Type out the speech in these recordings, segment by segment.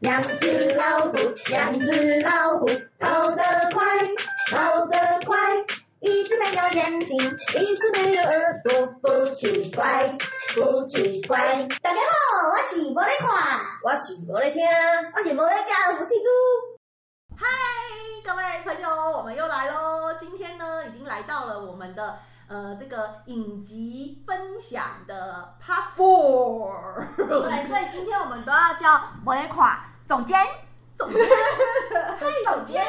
兩隻老虎，兩隻老虎，跑得快，跑得快。一隻沒有眼睛，一隻沒有耳朵，不奇怪，不奇怪。大家好，我是沒在看，我是沒在，在，在聽，我是沒在教不雞豬。嗨，各位朋友，我們又來嘍。今天呢，已經來到了我們的呃這個影集分享的 part four。 對，所以今天我們都要叫沒在看。總監監，總監，嗨，總監，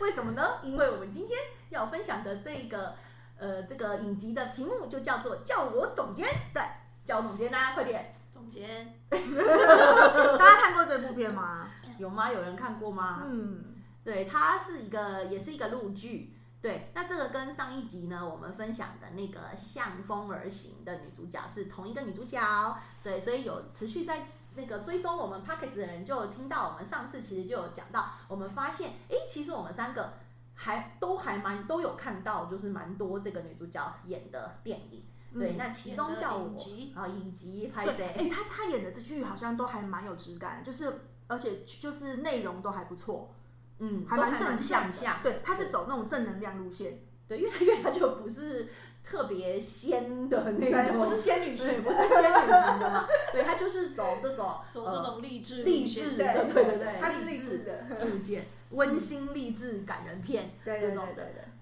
為什麼呢？因為我們今天要分享的這個，呃，這個影集的題目就叫做《叫我總監》。對，叫我總監吶、啊，快點，總監 監。 大家看過這部片嗎？嗯、有嗎？有人看過嗎？嗯，對，它是一個，也是一個陸劇。對，那這個跟上一集呢，我們分享的那個《向風而行》的女主角是同一個女主角。對，所以有持續在。那個追蹤我們 podcast 的人就聽到我們上次其實就有講到，我們發現哎、欸，其實我們三個還都還蠻都有看到，就是蠻多這個女主角演的電影。嗯、對，那其中叫我啊，影集，影集。哎、哦，她她、欸、演的這劇好像都還蠻有質感，就是而且就是內容都還不錯，嗯，還蠻正向的。像像對，她是走那種正能量路線。對，對，越來越她就不是。特別仙的那種，不是仙女型，不是仙女型的嘛？對，她就是走這種走這種勵志勵志的，對對對，她是勵志的路線，溫馨勵志感人片，對對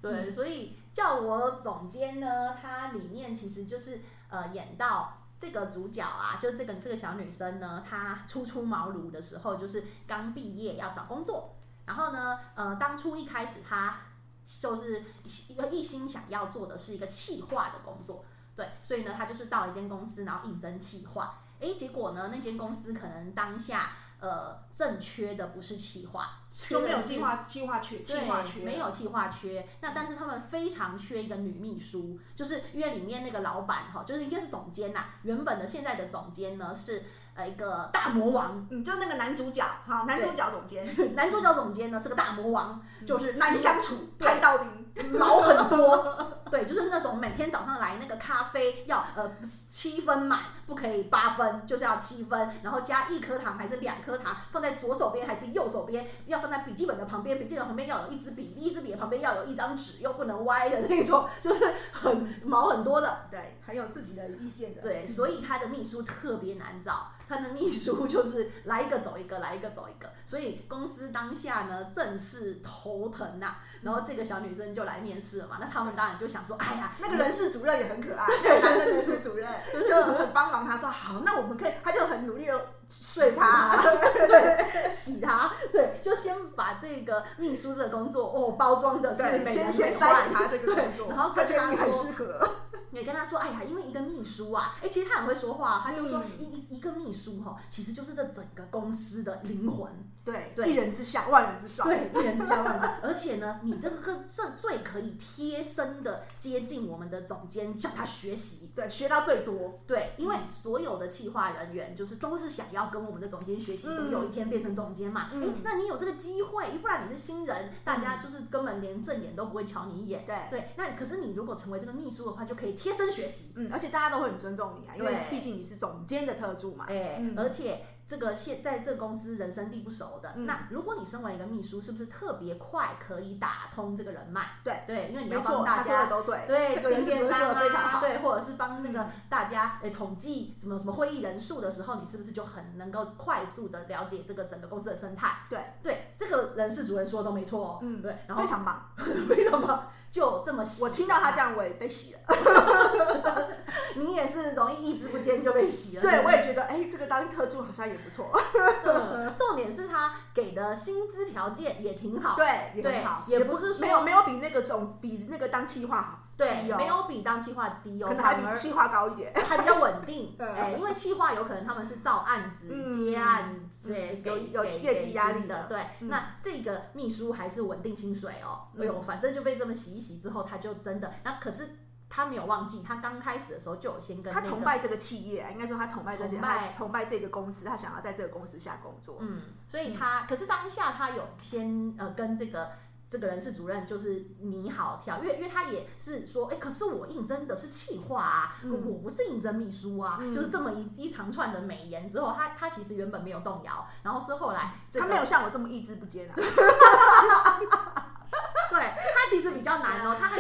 對對，所以叫我總監呢，她裡面其實就是呃，演到這個主角啊，就這個這個小女生呢，她初出茅廬的時候，就是剛畢業要找工作，然後呢，呃，當初一開始她。就是一個一心想要做的是一個企劃的工作，對，所以呢，他就是到一間公司，然後應徵企劃。誒、欸，結果呢，那間公司可能當下呃正缺的不是企劃，就沒有企劃，企劃缺，企劃缺，沒有企劃缺。那但是他們非常缺一個女秘書，就是因為裡面那個老闆哈，就是應該是總監吶，原本的現在的總監呢是。呃，一個大魔王，嗯，就是那個男主角哈，男主角總監，對男主角總監呢是個大魔王，嗯、就是難相處，拍到底毛很多。 對，就是那種每天早上來那個咖啡要呃七分滿，不可以八分，就是要七分，然後加一顆糖還是兩顆糖，放在左手邊還是右手邊，要放在筆記本的旁邊，筆記本旁邊要有一支筆，一支筆的旁邊要有一張紙，又不能歪的那種，就是很毛很多的。對，還有自己的意見的。對，所以他的秘書特別難找，他的秘書就是來一個走一個，來一個走一個，所以公司當下呢正是頭疼吶、啊。然後這個小女生就來面試了嘛，那他們當然就想說，哎呀，那個人事主任也很可愛，那個男的人事主任 就很、是就是、幫忙他說，說好，那我們可以，他就很努力的睡他、啊， 對，對洗他，對，就先把這個秘書這個工作哦包裝的是每人先塞歡他這個工作，然後跟他就說很適合， 跟你跟他說， 哎呀，因為一個秘書啊，哎、欸，其實他很會說話，他就說你一個秘書齁，其實就是這整個公司的靈魂，對對，一人之下萬人之上，對，一人之下萬人。而且呢，你這個這最可以貼身的接近我們的總監，向他學習，對，學到最多，對，因為所有的企劃人員就是都是想要跟我們的總監學習，就有一天變成總監嘛，嗯，那你有這個機會，不然你是新人，大家就是根本連正眼都不會瞧你一眼，對對，那可是你如果成為這個秘書的話，就可以貼身學習，嗯，而且大家都會很尊重你啊，因為畢竟你是總監的特。哎，而且這個現在這個公司人生地不熟的，那如果你身為一個秘書，是不是特別快可以打通這個人脈？對對，因為你要幫大家，都對，對，這個人事主任說的非常好，對，或者是幫那個大家，哎，統計什麼什麼會議人數的時候，你是不是就很能夠快速的了解這個整個公司的生態？對對，這個人事主任說的都沒錯，嗯，對，然後非常棒，為什麼，就這麼洗，我聽到他這樣，我也被洗了。你也是容易意志不堅就被洗了。對，我也覺得，哎，這個當特助好像也不錯。重點是他給的薪資條件也挺好，對，也挺好，也不是說，沒有沒有比那個總比那個當企劃好，對，沒有比當企劃低哦，可能還比企劃高一點，它比較穩定。因為企劃有可能他們是照案子接案子，有有業績壓力的，對。那這個秘書還是穩定薪水哦。哎呦，反正就被這麼洗一洗之後，他就真的，那可是。他沒有忘記，他剛開始的時候就有先跟、那個、他崇拜這個企業、啊，應該說他崇拜這崇拜崇拜這個公司，他想要在這個公司下工作。嗯，所以他、嗯、可是當下他有先呃跟這個這個人事主任就是你好跳，因為因為他也是說哎、欸，可是我應徵的是企劃啊，嗯、我不是應徵秘書啊，嗯、就是這麼一一長串的美言之後，他他其實原本沒有動搖，然後是後來、這個、他沒有像我這麼意志不堅啊。 對他其實比較難哦、喔，他很。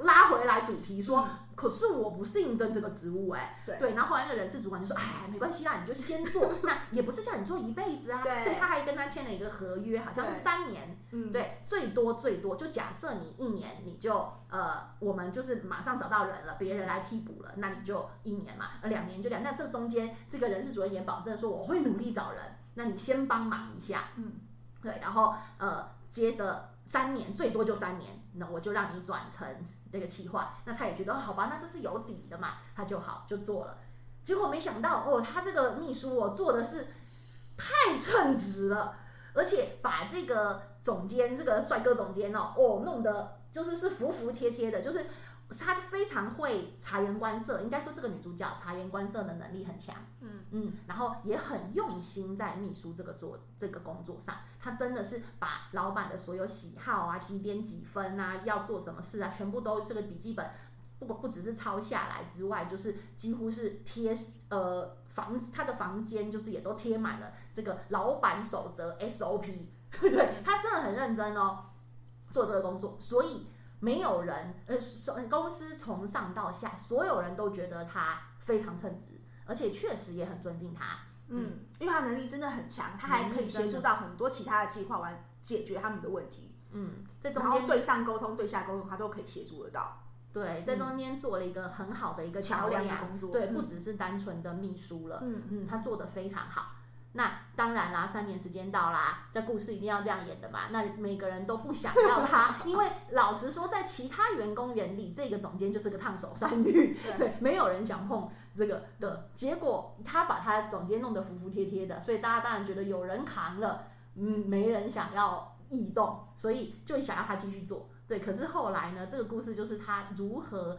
拉回來主題說，嗯、可是我不是應徵這個職務哎、欸，對，對，然後後來那個人事主管就說，哎，沒關係啦、啊，你就先做， 那也不是叫你做一輩子啊，對所以他還跟他簽了一個合約，好像是三年，對，最多最多就假設你一年你就呃，我們就是馬上找到人了，別人來替補了，嗯、那你就一年嘛，呃，兩年就兩，那這中間這個人事主任也保證說，我會努力找人，那你先幫忙一下，嗯，對，然後呃，接着三年最多就三年，那我就讓你轉成。那個氣話，那他也覺得、哦、好吧，那這是有底的嘛，他就好就做了。結果沒想到哦，他這個秘書哦做的是太稱職了，而且把這個總監這個帥哥總監哦，哦弄得就是是服服帖帖的，就是。她非常會察言觀色，應該說這個女主角察言觀色的能力很強，嗯嗯，然後也很用心在秘書這個做這個工作上，她真的是把老闆的所有喜好啊、幾點幾分啊、要做什麼事啊，全部都這個筆記本不不只是抄下來之外，就是幾乎是貼呃房她的房間就是也都貼滿了這個老闆守則 SOP，對，她真的很認真哦，做這個工作，所以。沒有人，呃，所公司從上到下所有人都覺得他非常稱職，而且確實也很尊敬他。嗯，因為他能力真的很強，他還可以協助到很多其他的計劃完解決他們的問題。嗯，在中間對上溝通、對下溝通，他都可以協助得到。對，在中間做了一個很好的一個橋梁，橋梁的工作，對，不只是單純的秘書了。嗯嗯，他做得非常好。那當然啦，三年時間到啦，這故事一定要這樣演的嘛。那每個人都不想要他， 因為老實說，在其他員工眼裡，這個總監就是個燙手山芋，對，對，沒有人想碰這個的。結果他把他總監弄得服服帖帖的，所以大家當然覺得有人扛了，嗯，沒人想要異動，所以就想要他繼續做。對，可是後來呢，這個故事就是他如何。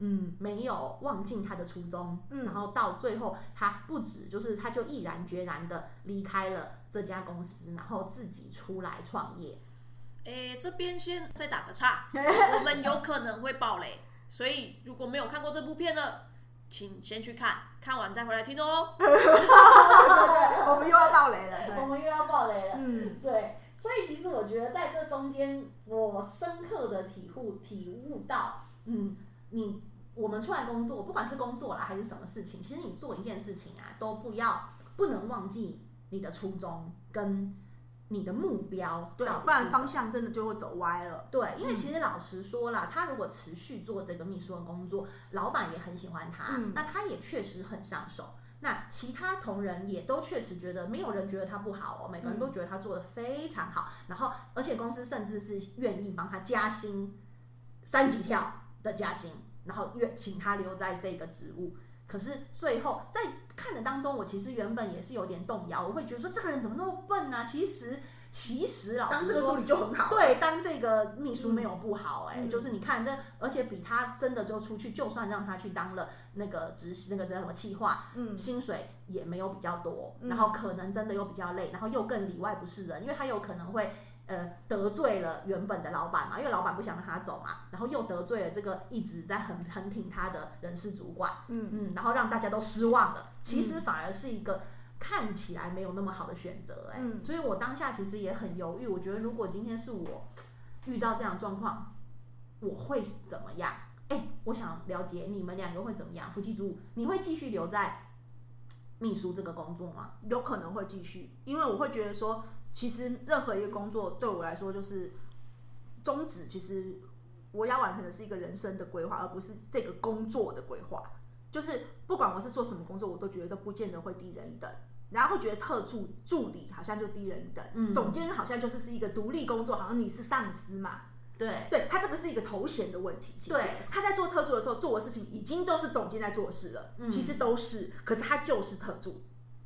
嗯，沒有忘記他的初衷，嗯，然後到最後，他不止就是，他就毅然決然的離開了這家公司，然後自己出來創業。哎，這邊先再打個岔， 我們有可能會爆雷，所以如果沒有看過這部片的，請先去看，看完再回來聽哦。對，我們又要爆雷了，我們又要爆雷了。對雷了嗯，對，所以其實我覺得在這中間，我深刻的體悟體悟到，嗯。你我們出來工作，不管是工作啦還是什麼事情，其實你做一件事情啊，都不要不能忘記你的初衷跟你的目標，對，對，不然方向真的就會走歪了。對，因為其實老實說了，嗯、他如果持續做這個秘書的工作，老闆也很喜歡他，嗯、那他也確實很上手。那其他同仁也都確實覺得沒有人覺得他不好哦，每個人都覺得他做得非常好。嗯、然後，而且公司甚至是願意幫他加薪三級跳。的加薪，然後願請他留在這個職務。可是最後在看的當中，我其實原本也是有點動搖，我會覺得說這個人怎麼那麼笨呢、啊？其實其實老實說，當這個助理就很好、啊，對，當這個秘書沒有不好、欸，誒、嗯。嗯、就是你看這，而且比他真的就出去，就算讓他去當了那個執行那個叫什麼企劃，嗯，薪水也沒有比較多，嗯，然後可能真的又比較累，然後又更裡外不是人，因為他有可能會。呃，得罪了原本的老闆嘛，因為老闆不想讓他走嘛，然後又得罪了這個一直在很很挺他的人事主管，嗯嗯，然後讓大家都失望了。其實反而是一個看起來沒有那麼好的選擇，哎、嗯，所以我當下其實也很猶豫。我覺得如果今天是我遇到這樣的狀況，我會怎麼樣？哎，我想了解你們兩個會怎麼樣。夫妻主，你會繼續留在秘書這個工作嗎？有可能會繼續，因為我會覺得說。其實任何一個工作對我來說，就是宗旨。其實我要完成的是一個人生的規劃，而不是這個工作的規劃。就是不管我是做什麼工作，我都覺得都不見得會低人一等，然後會覺得特助助理好像就低人一等，總監好像就是是一個獨立工作，好像你是上司嘛。對，對他這個是一個頭銜的問題。對，他在做特助的時候，做的事情已經都是總監在做事了。嗯，其實都是，可是他就是特助。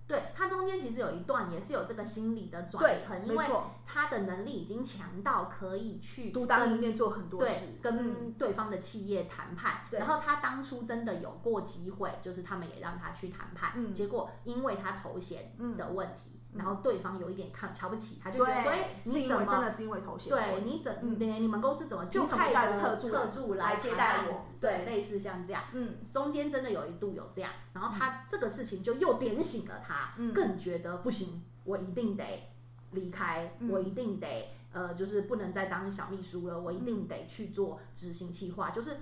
對他。中間其實有一段也是有這個心理的轉承，對，因為他的能力已經強到可以去獨當一面做很多事，跟對方的企業談判。嗯、然後他當初真的有過機會，就是他們也讓他去談判，對結果因為他頭銜的問題。嗯然後對方有一點看瞧不起他，就覺得所以你怎麼真的是因為頭銜？對你怎？你們公司怎麼就派一個特助特助來接待我？對，類似像這樣，嗯，中間真的有一度有這樣，然後他這個事情就又點醒了他，嗯，更覺得不行，我一定得離開，我一定得呃，就是不能再當小秘書了，我一定得去做執行企劃，就是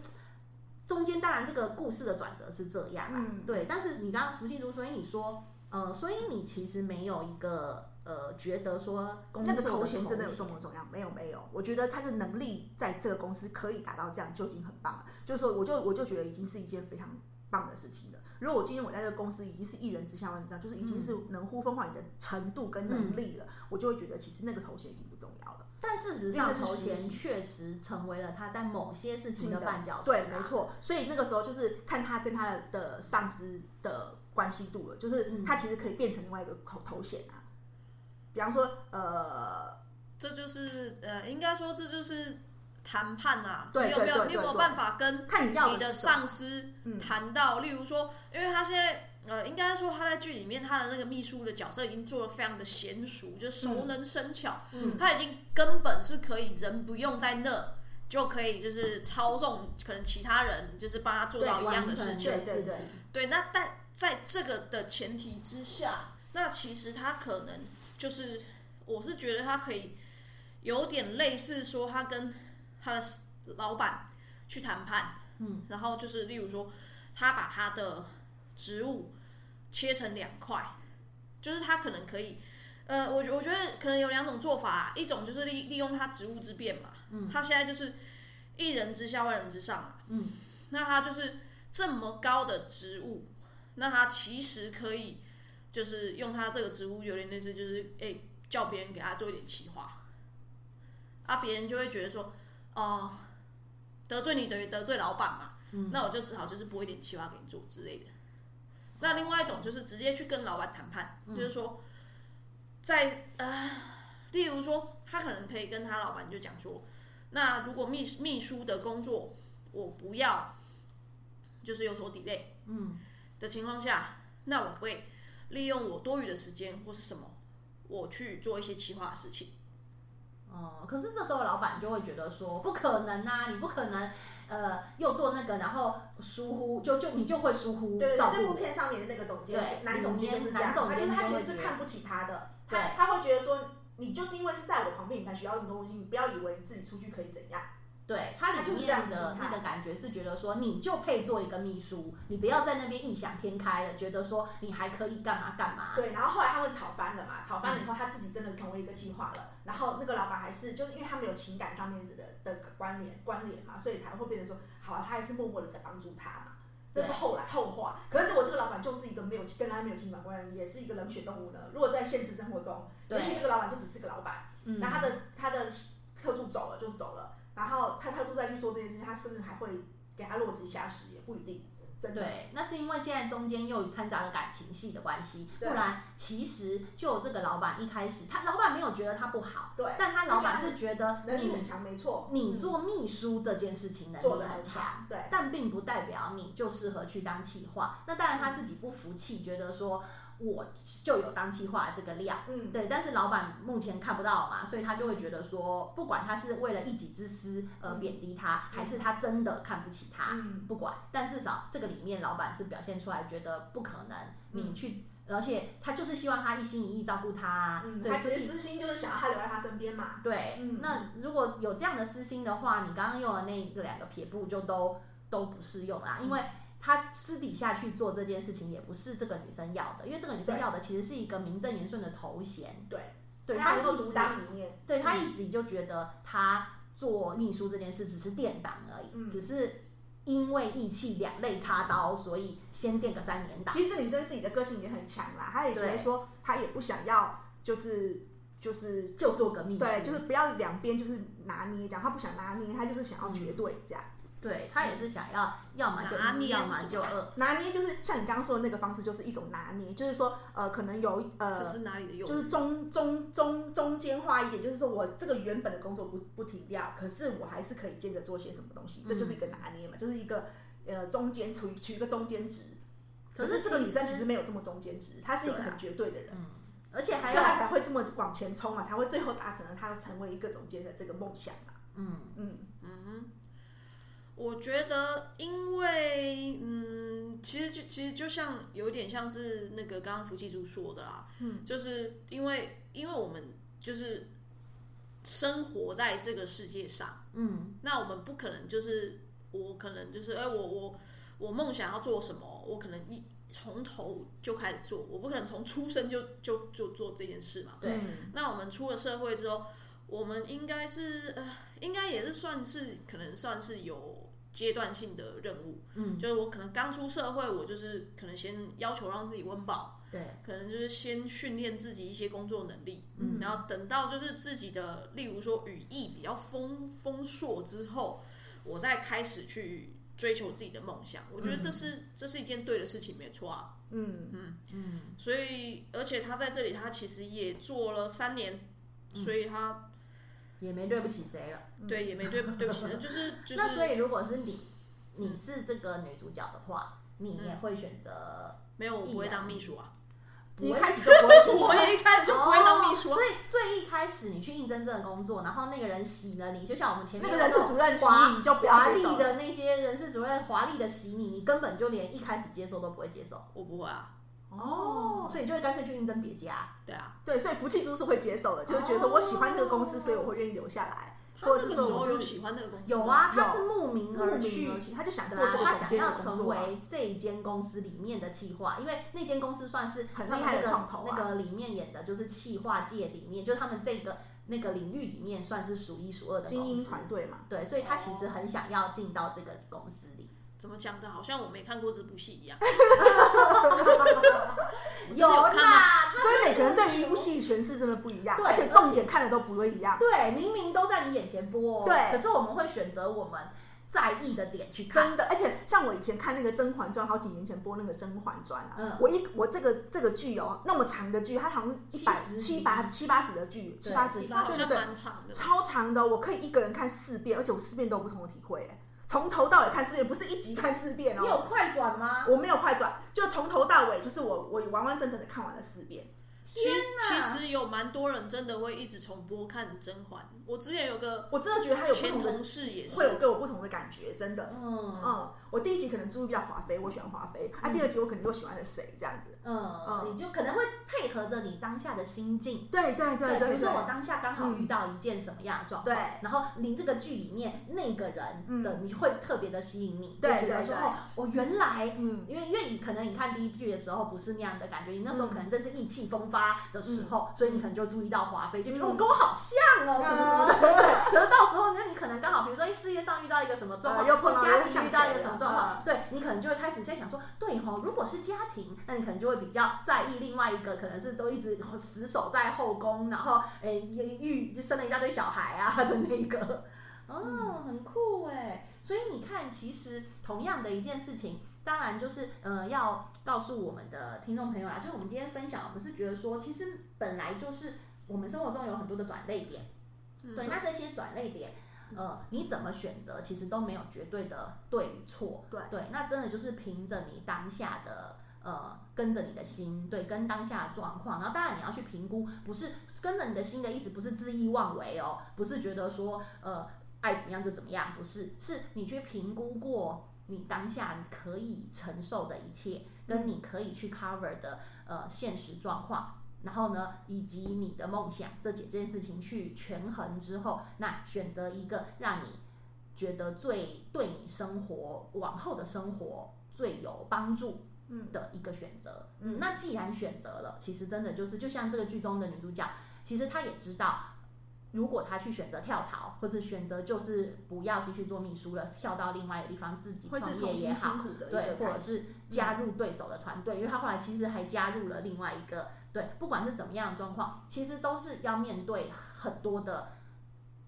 中間當然這個故事的轉折是這樣啊，對，但是你剛剛說清楚，所以你說。呃，所以你其實沒有一個呃，覺得說那個頭銜真的有多麼重要？沒有，沒有。我覺得他的能力在這個公司可以達到這樣，就已經很棒了。就是說，我就我就覺得已經是一件非常棒的事情了。如果今天我在這個公司已經是一人之下萬人之上，就是已經是能呼風喚雨的程度跟能力了，嗯、我就會覺得其實那個頭銜已經不重要。但事實上，頭銜確實成為了他在某些事情的絆腳石啊。腳石啊，對，沒錯。所以那個時候就是看他跟他的上司的關係度了。就是他其實可以變成另外一個頭頭銜啊。比方說，呃，這就是，呃，應該說這就是談判啊。對，你有沒有？你有沒有辦法跟你的上司談到？例如說，因為他現在。呃，應該說他在劇裡面他的那個秘書的角色已經做得非常的嫻熟，嗯、就熟能生巧，嗯、他已經根本是可以人不用在那就可以就是操縱可能其他人就是幫他做到一樣的事情，對對對。對，對對，那但在這個的前提之下，那其實他可能就是我是覺得他可以有點類似說他跟他的老闆去談判，嗯，然後就是例如說他把他的職務。切成兩塊，就是他可能可以，呃，我我覺得可能有兩種做法，啊，一種就是利利用他職務之便嘛，嗯，他現在就是一人之下萬人之上，嗯，那他就是這麼高的職務，那他其實可以就是用他這個職務有點類似就是誒，欸，叫別人給他做一點企劃，啊，別人就會覺得說，哦，得罪你等於得罪老闆嘛，嗯，那我就只好就是撥一點企劃給你做之類的。那另外一種就是直接去跟老闆談判，嗯、就是說在，在、呃、啊，例如說，他可能可以跟他老闆就講說，那如果秘秘書的工作我不要，就是有所 delay，嗯，的情況下，那我會利用我多餘的時間或是什麼，我去做一些其他的事情。哦、嗯，可是這時候老闆就會覺得說，不可能吶、啊，你不可能。呃，又做那個，然後疏忽，嗯、就就你就會疏忽對對對，這部片上面的那個總監，對男總監就是這樣，他就是，總是他其實是看不起他的，對他他會覺得說，你就是因為是在我旁邊，你才學到這麼多東西，你不要以為你自己出去可以怎樣。對，他這樣的他的感覺是覺得說，你就配做一個祕書，你不要在那邊異想天開了，覺得說你還可以幹嘛幹嘛。對。然後後來他們吵翻了嘛，吵翻了以後，他自己真的成為一個計劃了。嗯、然後那個老闆還是就是因為他沒有情感上面的的關聯關聯嘛，所以才會變成說，好、啊，他還是默默的在幫助他嘛。對這是後來後話。可是如果這個老闆就是一個沒有跟他沒有情感關聯，也是一個冷血動物呢？如果在現實生活中，也許這個老闆就只是個老闆，嗯、那他的他的特助走了就是走了。然後他他都在去做這件事情，他是不是還會給他落井下石也不一定。對，那是因為現在中間又摻雜了感情戲的關係。對不然其實就這個老板一開始，他老板沒有覺得他不好，對，但他老板是覺得能、嗯、能力很強，沒錯。你，你做秘書這件事情能力很強，對、嗯，但並不代表你就適合去當企劃。對那當然他自己不服氣，覺得說。我就有當企劃這個料，嗯，對，但是老闆目前看不到嘛，所以他就會覺得說，不管他是為了一己之私而貶低他，嗯、還是他真的看不起他，嗯、不管，但至少這個裡面老闆是表現出來覺得不可能，你去，嗯、而且他就是希望他一心一意照顧他，對、嗯，所以私心就是想要他留在他身邊嘛，對。嗯、那如果有這樣的私心的話，你剛剛用的那個，兩個撇步就都都不適用啦，嗯、因為。他私底下去做這件事情也不是這個女生要的，因為這個女生要的其實是一個名正言順的頭銜。對，對，他一獨當一面，對他一直就覺得他做秘書這件事只是墊檔而已，嗯、只是因為義氣兩肋插刀，所以先墊個三年檔。其實這女生自己的個性也很強啦，她也覺得說她也不想要，就是就是就做個秘書，對，就是不要兩邊就是拿捏講她不想拿捏，她就是想要絕對這樣。嗯對，他也是想要，要麼就一，要麼就二。拿捏，就是像你剛剛說的那個方式，就是一種拿捏，就是說，呃，可能有呃，是就是中中中中間化一點，就是說我這個原本的工作不不停掉，可是我還是可以接着做些什麼東西，嗯、這就是一個拿捏嘛，就是一個呃中間取取一個中間值。可是這個女生其實沒有這麼中間值，是她是一個很絕對的人，嗯、而且還要她才會這麼往前衝嘛，才會最後達成了她要成為一個總監的這個夢想嘛。嗯嗯嗯。嗯嗯嗯我覺得，因為，嗯，其實就其實就像有點像是那個剛剛福氣豬說的啦，嗯，就是因為因為我們就是生活在這個世界上，嗯，那我們不可能就是我可能就是哎、欸、我我我夢想要做什麼，我可能一從頭就開始做，我不可能從出生就就就做這件事嘛，嗯、對。那我們出了社會之後，我們應該是、呃、應該也是算是可能算是有。階段性的任務，嗯，就是我可能剛出社會，我就是可能先要求讓自己溫飽，對，可能就是先訓練自己一些工作能力，嗯，然後等到就是自己的，例如說羽翼比較豐豐碩之後，我再開始去追求自己的夢想。我覺得這是、嗯、這是一件對的事情，沒錯啊，嗯嗯嗯。所以，而且他在這裡，他其實也做了三年，嗯、所以他。也沒對不起誰了，嗯、對，也沒對 對不起。就是就是。那所以，如果是你，嗯、你是這個女主角的話，你也會選擇、嗯？沒有，我不會當秘書啊。不會一開始就不會， 我一開始就不會當秘書。所以最一開始，你去應徵這個工作，然後那個人洗了你，就像我們前面那，那個人是主任洗，你就華麗的那些人事主任華麗的洗你，你根本就連一開始接受都不會接受。我不會啊。哦，oh, 所以你就會乾脆去應徵別家。對啊，對，所以福氣珠是會接受的，就會覺得說我喜歡這個公司，oh, 所以我會願意留下來，哦、或者是說我有喜歡那個公司，哦、有啊，他是慕名而去，而去他就想着，他想要成為這一間公司裡面的企劃，因為那間公司算是、那個、很厲害的創投、啊、那個裡面演的就是企劃界裡面，就是他們這個那個領域裡面算是數一數二的精英團隊嘛，對，所以他其實很想要進到這個公司。怎麼講的？好像我沒看過這部戲一樣。有看嗎？有啦，所以每個人對於一部戲詮釋真的不一樣，而且重點看的都不會一樣。對，明明都在你眼前播，對，可是我們會選擇我們在意的點去看。真的，而且像我以前看那個《甄嬛傳》，好幾年前播那個《甄嬛傳》啊，我一我這個這個劇哦，那麼長的劇，它好像一百七八七八十的劇，七八十，它真的超長的，超長的，我可以一個人看四遍，而且我四遍都有不同的體會。從頭到尾看四遍，不是一集看四遍哦。你有快轉嗎？我沒有快轉，就從頭到尾，就是我我完完整整的看完了四遍。天哪。其、其實有蠻多人真的會一直重播看《甄嬛》。我之前有個同事也是，我真的覺得他有不同，會有跟我不同的感覺，真的。嗯嗯，我第一集可能注意比較華妃，我喜歡華妃啊。第二集我可能又喜歡誰這樣子。嗯，你就可能會配合着你當下的心境。對對對對。比如說我當下剛好遇到一件什麼樣的狀況，然後您這個劇裡面那個人的，你會特別的吸引你。對對對。說哦，我原來，嗯，因為因為可能你看第一集的時候不是那樣的感覺，你那時候可能真是意氣風發的時候，所以你可能就注意到華妃，就覺得我跟我好像哦，是不是？對，對，可是到時候，那你可能剛好，比如說一事業上遇到一個什麼狀況，又碰、嗯、家庭遇到一個什麼狀況，嗯、對、嗯、對你可能就會開始先想說，對吼、哦，如果是家庭，那你可能就會比較在意另外一個，可能是都一直死守在後宮，然後誒，育、欸、生了一大堆小孩啊的那一個，嗯、哦，很酷哎。所以你看，其實同樣的一件事情，當然就是，呃，要告訴我們的聽眾朋友啦，就是我們今天分享，我們是覺得說，其實本來就是我們生活中有很多的轉捩點。對，那這些轉捩點，呃，你怎麼選擇，其實都沒有絕對的對與錯。對，對，那真的就是憑着你當下的呃，跟着你的心，對，跟當下的狀況。然後當然你要去評估，不是跟着你的心的意思，不是恣意妄為哦，不是覺得說呃愛怎麼樣就怎麼樣，不是，是你去評估過你當下你可以承受的一切，跟你可以去 cover 的呃現實狀況。然後呢，以及你的夢想這幾件事情去權衡之後，那選擇一個讓你覺得最對你生活往後的生活最有幫助的一個選擇。嗯，嗯，那既然選擇了，其實真的就是就像這個劇中的女主角，其實她也知道。如果他去選擇跳槽，或是選擇就是不要繼續做秘書了，跳到另外一個地方自己創業也好，辛苦的對，或者是加入對手的團隊，嗯、因為他後來其實還加入了另外一個，對，不管是怎麼樣的狀況，其實都是要面對很多的。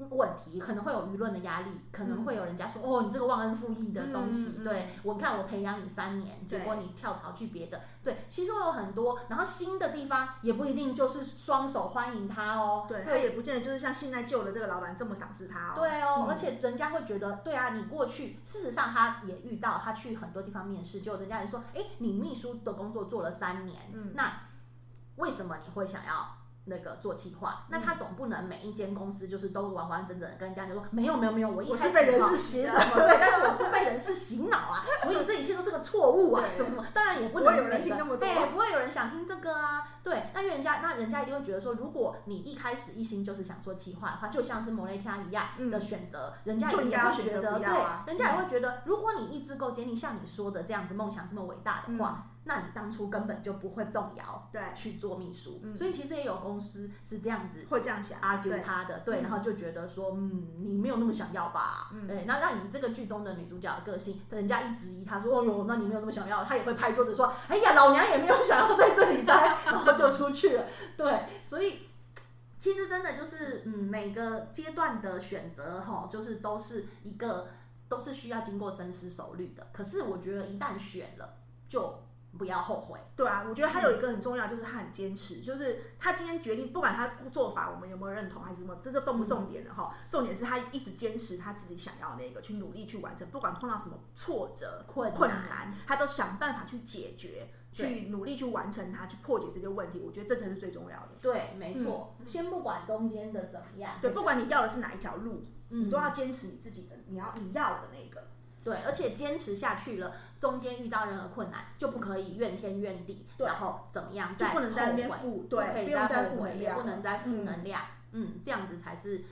問題，可能會有輿論的壓力，可能會有人家說、嗯、哦，你這個忘恩負義的東西，嗯嗯、對我看我培養你三年，對結果你跳槽去別的，對，其實會有很多，然後新的地方也不一定就是雙手歡迎他哦，他也不見得就是像現在舊的這個老闆這麼賞識他哦，對哦，嗯、而且人家會覺得，對啊，你過去事實上他也遇到，他去很多地方面試，就人家也說，哎、欸，你秘書的工作做了三年，嗯、那為什麼你會想要？那個做企劃，那他總不能每一間公司就是都完完整整的跟人家就說，沒有沒有沒有，我一開始是被人事洗什麼對，但是我是被人事洗腦啊，啊 所以這一切都是個錯誤啊對什麼什麼，當然也不會有人聽這麼多，對、欸，不會有人想聽這個啊，對，那人家那人家一定會覺得說，如果你一開始一心就是想做企劃的話，就像是莫雷卡一樣的選擇，嗯、人家也會覺得、啊、對，人家也會覺得，如果你意志夠堅定，像你說的這樣子夢想這麼偉大的話。嗯那你當初根本就不會動搖，對，去做秘書。嗯、所以其實也有公司是這樣子會這樣想 argue 他的，對，然後就覺得說，嗯，嗯，你沒有那麼想要吧？嗯，那讓你這個劇中的女主角的個性，人家一質疑，她說，哦呦，那你沒有那麼想要，她也會拍桌子說，哎呀，老娘也沒有想要在這裡待， 然後就出去了。對，所以其實真的就是，嗯，每個階段的選擇哈，就是都是一個都是需要經過深思熟慮的。可是我覺得一旦選了就。不要後悔，對啊，我覺得他有一個很重要，就是他很堅持，就是他今天決定，不管他做法我們有沒有認同還是什麼，這是都不重點的哈，重點是他一直堅持他自己想要那個，去努力去完成，不管碰到什麼挫折、困困難，他都想辦法去解決，去努力去完成它，去破解這些問題，我覺得這才是最重要的。對，沒錯，先不管中間的怎麼樣，對，不管你要的是哪一條路，你都要堅持你自己的，你要你要的那個。對，而且堅持下去了，中間遇到任何困難，就不可以怨天怨地，然後怎麼樣，就不能再後悔，對，不能再後悔，也不能再負能量，嗯，這樣子才是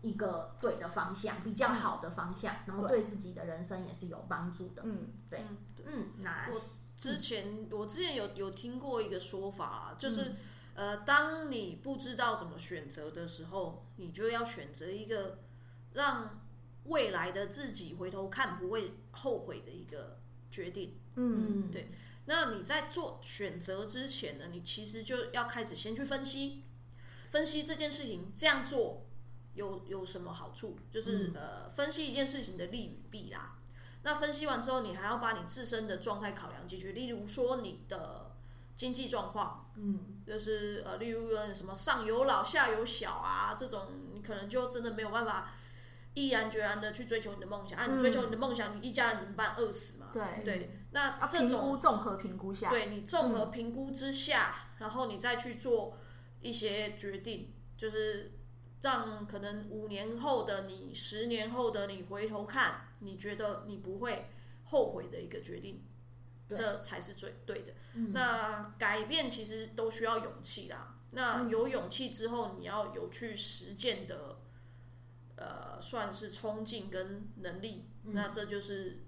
一個對的方向，比較好的方向，然後對自己的人生也是有幫助的，嗯，對，嗯，那我之前我之前有有聽過一個說法，就是呃，當你不知道怎麼選擇的時候，你就要選擇一個讓未來的自己回頭看不會後悔的一個決定，嗯，對。那你在做選擇之前呢，你其實就要開始先去分析，分析這件事情這樣做有有什麼好處，就是、嗯、呃，分析一件事情的利與弊啦。那分析完之後，你還要把你自身的狀態考量進去，例如說你的經濟狀況，嗯，就是呃，例如說什麼上有老下有小啊，這種你可能就真的沒有辦法。毅然決然的去追求你的夢想，啊，你追求你的夢想，嗯、你一家人怎麼辦？餓死嘛？對對，那這種、啊、綜合評估下，對，你綜合評估之下，嗯、然後你再去做一些決定，就是讓可能五年後的你、十年後的你回頭看，你覺得你不會後悔的一個決定，這才是最對的。嗯、那改變其實都需要勇氣啦，那有勇氣之後，你要有去實踐的。呃，算是衝勁跟能力，嗯、那這就是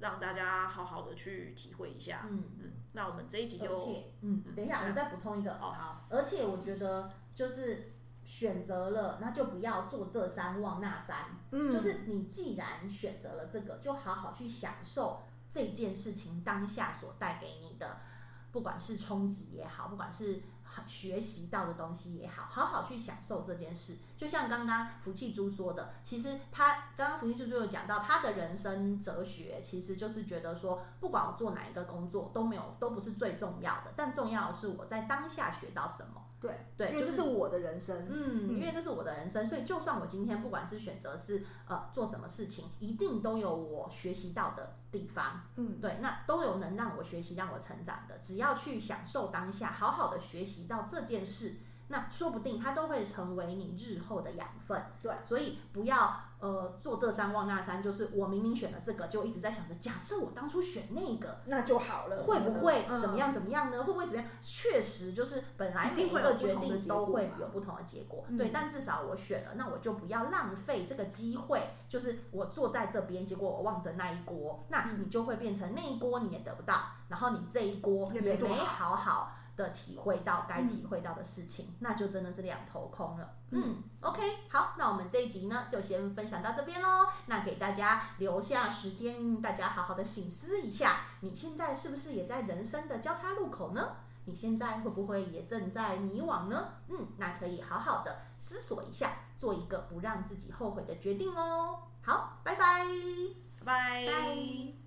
讓大家好好的去體會一下。嗯嗯，那我們這一集就且嗯，等一下我再補充一個。好，好，而且我覺得就是選擇了，那就不要做這山望那山。嗯，就是你既然選擇了這個，就好好去享受這件事情當下所帶給你的，不管是衝擊也好，不管是。學習到的東西也好，好好去享受這件事。就像剛剛福氣豬說的，其實他剛剛福氣豬就講到，他的人生哲學其實就是覺得說，不管我做哪一個工作都沒有都不是最重要的，但重要的是我在當下學到什麼。對，對，因為、就是、這是我的人生，嗯，因為這是我的人生，所以就算我今天不管是選擇是呃做什麼事情，一定都有我學習到的。地方，嗯，對，那都有能讓我學習、讓我成長的。只要去享受當下，好好的學習到這件事，那說不定它都會成為你日後的養分。對，所以不要。呃，坐這山望那山，就是我明明選了這個，就一直在想着，假設我當初選那個，那就好了，會不會怎麼樣怎麼樣呢？嗯、會不會怎麼樣？確實就是，本來每一個決定都會有不同的結果，結果嗯、對。但至少我選了，那我就不要浪費這個機會。就是我坐在這邊，結果我望着那一鍋，那你就會變成那一鍋你也得不到，然後你這一鍋也沒好好。的體會到該體會到的事情，嗯、那就真的是兩頭空了。嗯，嗯，OK，好，那我們這一集呢，就先分享到這邊嘍。那給大家留下時間，大家好好的省思一下，你現在是不是也在人生的交叉路口呢？你現在會不會也正在迷惘呢？嗯，那可以好好的思索一下，做一個不讓自己後悔的決定哦。好，拜拜，拜拜。